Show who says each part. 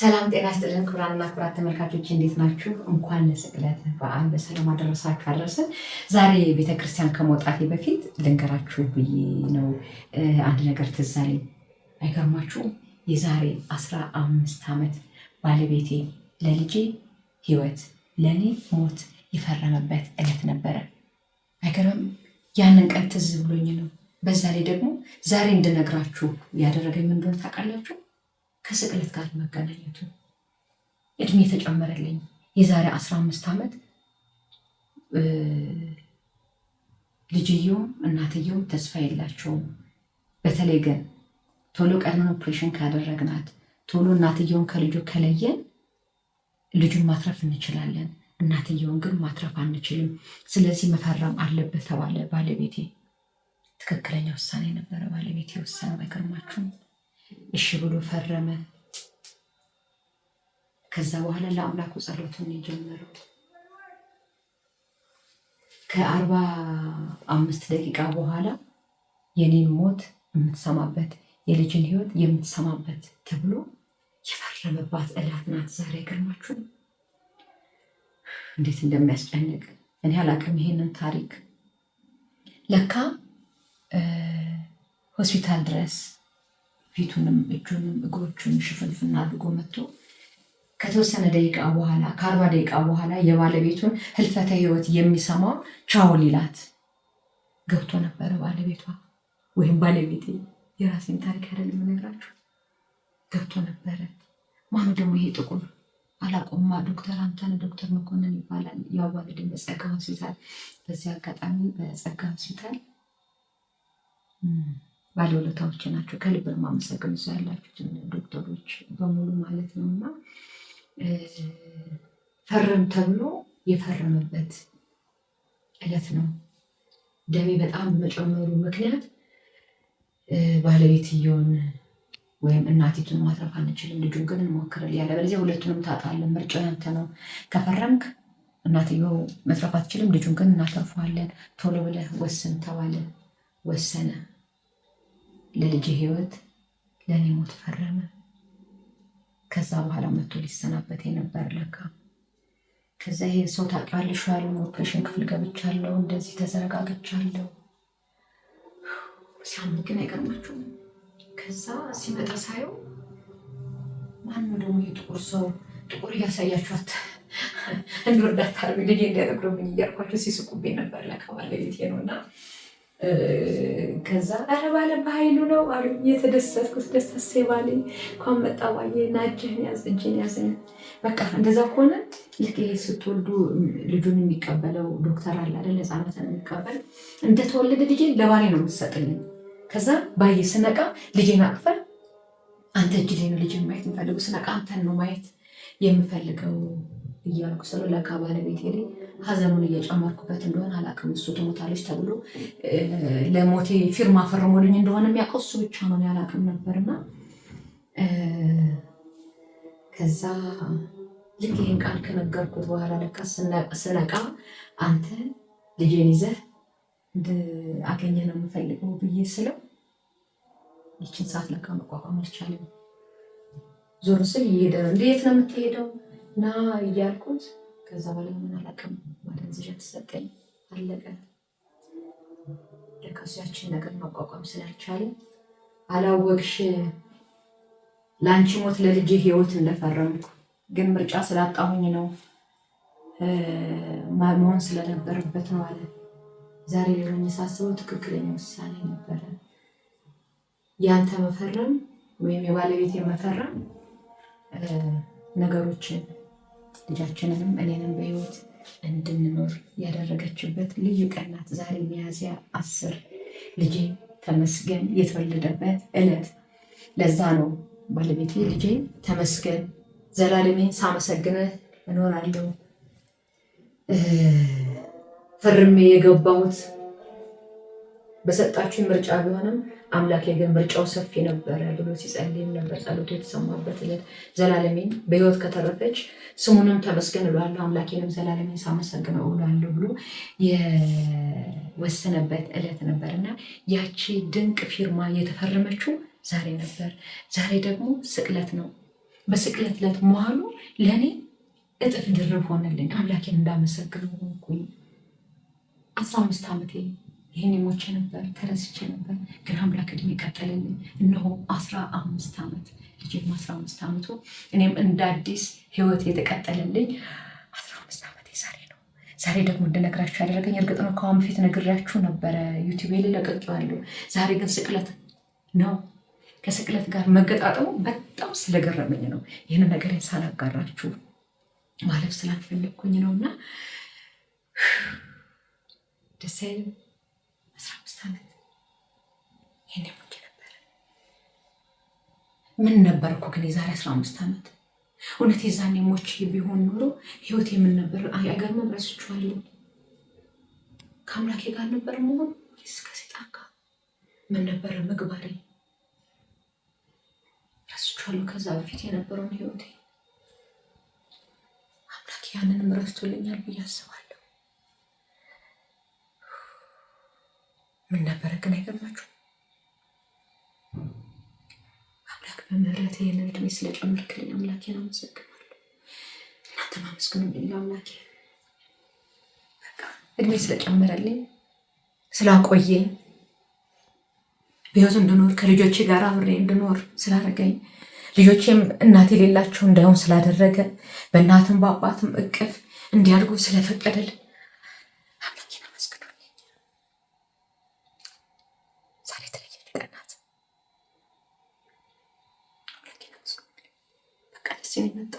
Speaker 1: ሰላም ጤና ይስጥልን ክቡራንና ክቡራት ተመልካቾች እንዴት ናችሁ? እንኳን ለስቅለት በዓል በሰላም አደረሳችሁ አደረሰን። ዛሬ ቤተክርስቲያን ከመውጣቴ በፊት ልንገራችሁ ብዬ ነው አንድ ነገር ትዝ አለኝ። አይገርማችሁም? የዛሬ አስራ አምስት ዓመት ባለቤቴ ለልጄ ህይወት ለእኔ ሞት የፈረመበት እለት ነበረ። አይገርምም? ያንን ቀን ትዝ ብሎኝ ነው። በዛ ላይ ደግሞ ዛሬ እንድነግራችሁ ያደረገኝ ምን እንደሆነ ታውቃላችሁ? ከስቅለት ጋር መገናኘቱ እድሜ የተጨመረልኝ የዛሬ አስራ አምስት ዓመት ልጅየውም እናትየውም ተስፋ የላቸውም። በተለይ ግን ቶሎ ቀድመን ኦፕሬሽን ካደረግናት ቶሎ እናትየውን ከልጁ ከለየን ልጁን ማትረፍ እንችላለን፣ እናትየውን ግን ማትረፍ አንችልም። ስለዚህ መፈረም አለበት ተባለ። ባለቤቴ ትክክለኛ ውሳኔ ነበረ ባለቤቴ የወሰነው አይገርማችሁም? እሺ ብሎ ፈረመ። ከዛ በኋላ ለአምላኩ ጸሎቱን የጀመረው ከአርባ አምስት ደቂቃ በኋላ የኔን ሞት የምትሰማበት የልጅን ህይወት የምትሰማበት ተብሎ የፈረመባት ዕለት ናት ዛሬ። ገርማችሁ እንዴት እንደሚያስጨንቅ እኔ አላቅም። ይሄንን ታሪክ ለካ ሆስፒታል ድረስ ፊቱንም እጁንም እግሮቹን ሽፍንፍና አድርጎ መጥቶ ከተወሰነ ደቂቃ በኋላ ከአርባ ደቂቃ በኋላ የባለቤቱን ህልፈተ ህይወት የሚሰማ ቻው ሊላት ገብቶ ነበረ። ባለቤቷ ወይም ባለቤቴ የራሴን ታሪክ አይደለም የምነግራችሁ ገብቶ ነበረ። ማኑ ደግሞ ይሄ ጥቁር አላቆማ ዶክተር አንተነ ዶክተር መኮንን ይባላል። ያዋለድን በጸጋ ሆስፒታል። በዚህ አጋጣሚ በጸጋ ሆስፒታል ባለውለታዎች ናቸው። ከልብ ነው ሰው ያላችሁትን ዶክተሮች በሙሉ ማለት ነው እና ፈረም ተብሎ የፈረመበት ዕለት ነው። ደሜ በጣም በመጨመሩ ምክንያት ባለቤትየውን ወይም እናቲቱን ማትረፍ አንችልም፣ ልጁ ግን እንሞክርል ያለ በለዚያ ሁለቱንም ታጣለን። ምርጫ ያንተ ነው። ከፈረምክ እናትየው መትረፍ አትችልም፣ ልጁን ግን እናተርፈዋለን፣ ቶሎ ብለህ ወስን ተባለ። ወሰነ። ለልጅ ህይወት ለእኔ ሞት ፈረመ። ከዛ በኋላ መቶ ሊሰናበት የነበር ለካ። ከዛ ይሄ ሰው ታውቂዋለሽ ያለውን ኦፕሬሽን ክፍል ገብቻለሁ፣ እንደዚህ ተዘረጋግቻለሁ። ሲያምን ግን አይገርማችሁም? ከዛ ሲመጣ ሳየው ማነው ደግሞ የጥቁር ሰው ጥቁር እያሳያችኋት እንድወዳት ልጄ ምን እያልኳቸው ሲስቁቤ ነበር ለካ ባለቤቴ ነው እና ከዛ
Speaker 2: ኧረ ባለ በኃይሉ ነው አሉ የተደሰትኩት። ደስ ሴባሌ እንኳን መጣ ባየ ና እጅህን ያዝ እጅን ያዝን። በቃ እንደዛ ከሆነ ልክ ይሄ ስትወልዱ ልጁን የሚቀበለው ዶክተር አለ አይደል? ህፃናትን የሚቀበል እንደተወለደ ልጄ ለባሌ ነው የምትሰጥልኝ። ከዛ ባየ ስነቃ ልጄን አቅፈ አንተ እጅ ላይ ነው ልጅ ማየት የምፈልገው። ስነቃ አንተን ነው ማየት የምፈልገው እያልኩ ስለው ለካ ባለቤቴ ላይ ሀዘኑን እየጨመርኩበት እንደሆነ አላውቅም። እሱ ትሞታለች ተብሎ ለሞቴ ፊርማ ፈርሞልኝ እንደሆነ የሚያውቀው እሱ ብቻ ነው፣ ያላውቅም ነበርና ከዛ ልክ ይህን ቃል ከነገርኩት በኋላ ለካ ስነቃ አንተ ልጄን ይዘህ አገኘ ነው የምፈልገው ብዬ ስለው ይችን ሰዓት ለካ መቋቋም አልቻለም። ዞር ስል እየሄደ ነው። እንዴት ነው የምትሄደው? ና እያልኩት ከዛ በላይ ምን አላውቅም። ማደንዘዣ ተሰጠኝ፣ አለቀ። ለካሱ ያችን ነገር ማቋቋም ስላልቻለ አላወቅሽ ለአንቺ ሞት ለልጅ ህይወት እንደፈረምኩ ግን ምርጫ ስላጣሁኝ ነው መሆን ስለነበረበት ነው አለ። ዛሬ ሌሎኝ ሳስበው ትክክለኛ ውሳኔ ነበረ። ያንተ መፈረም ወይም የባለቤት የመፈረም ነገሮችን ልጃችንንም እኔንም በህይወት እንድንኖር ያደረገችበት ልዩ ቀናት ዛሬ ሚያዝያ አስር ልጄ ተመስገን የተወለደበት እለት ለዛ ነው ባለቤቴ ልጄ ተመስገን ዘላለሜ ሳመሰግንህ እኖራለሁ ፍርሜ የገባሁት በሰጣችሁ ምርጫ ቢሆንም አምላኬ ግን ምርጫው ሰፊ ነበረ ብሎ ሲጸልይም ነበር። ጸሎቱ የተሰማበት ዕለት ዘላለሜን በህይወት ከተረፈች ስሙንም ተመስገን እላለሁ አምላኬንም ዘላለሜን ሳመሰግነው እላለሁ ብሎ የወሰነበት ዕለት ነበር እና ያቺ ድንቅ ፊርማ የተፈረመችው ዛሬ ነበር። ዛሬ ደግሞ ስቅለት ነው። በስቅለት ዕለት መዋሉ ለእኔ እጥፍ ድርብ ሆነልኝ። አምላኬን እንዳመሰግነው ሆንኩኝ። አስራ አምስት ዓመቴ ይህን ሞቼ ነበር ተረስቼ ነበር፣ ግን አምላክ እድሜ ቀጠለልኝ። እነሆ አስራ አምስት ዓመት ልጄም አስራ አምስት ዓመቱ እኔም እንደ አዲስ ህይወት የተቀጠለልኝ አስራ አምስት ዓመት ዛሬ ነው። ዛሬ ደግሞ እንደነግራችሁ ያደረገኝ እርግጥ ነው ከአሁን በፊት ነግራችሁ ነበረ፣ ዩቲዩብ ላይ ለቅቄዋለሁ። ዛሬ ግን ስቅለት ነው። ከስቅለት ጋር መገጣጠሙ በጣም ስለገረመኝ ነው ይህንን ነገር ሳላጋራችሁ ማለፍ ስላልፈለግኩኝ ነው እና ደስ አምስት ዓመት ይሄን ያሞኬ ነበር። ምን ነበር ግን የዛሬ አስራ አምስት ዓመት እውነት የዛኔ ሞቼ ቢሆን ኖሮ ህይወት የምን ነበር? አይገርምም። ረስቼዋለሁ። ከአምላኬ ጋር ነበር መሆን ወይስ ከሴጣን ጋር? ምን ነበረ ምግባሬ? ረስቼዋለሁ። ከዛ በፊት የነበረውን ህይወቴ አምላኬ ያንንም ረስቶልኛል ብዬ አስባለሁ። ምን ነበረ ግን አይገርማችሁ? አምላክ በምህረት ይህንን እድሜ ስለጨመርክልኝ አምላኬን አመሰግናለሁ። እናንተ ማመስግኑልኝ አምላኬ እድሜ ስለጨመረልኝ ስላቆየኝ በሕይወት እንድኖር ከልጆቼ ጋር አብሬ እንድኖር ስላደረገኝ ልጆቼም እናት የሌላቸው እንዳይሆን ስላደረገ በእናትም በአባትም እቅፍ እንዲያድጉ ስለፈቀደልን 心里面的。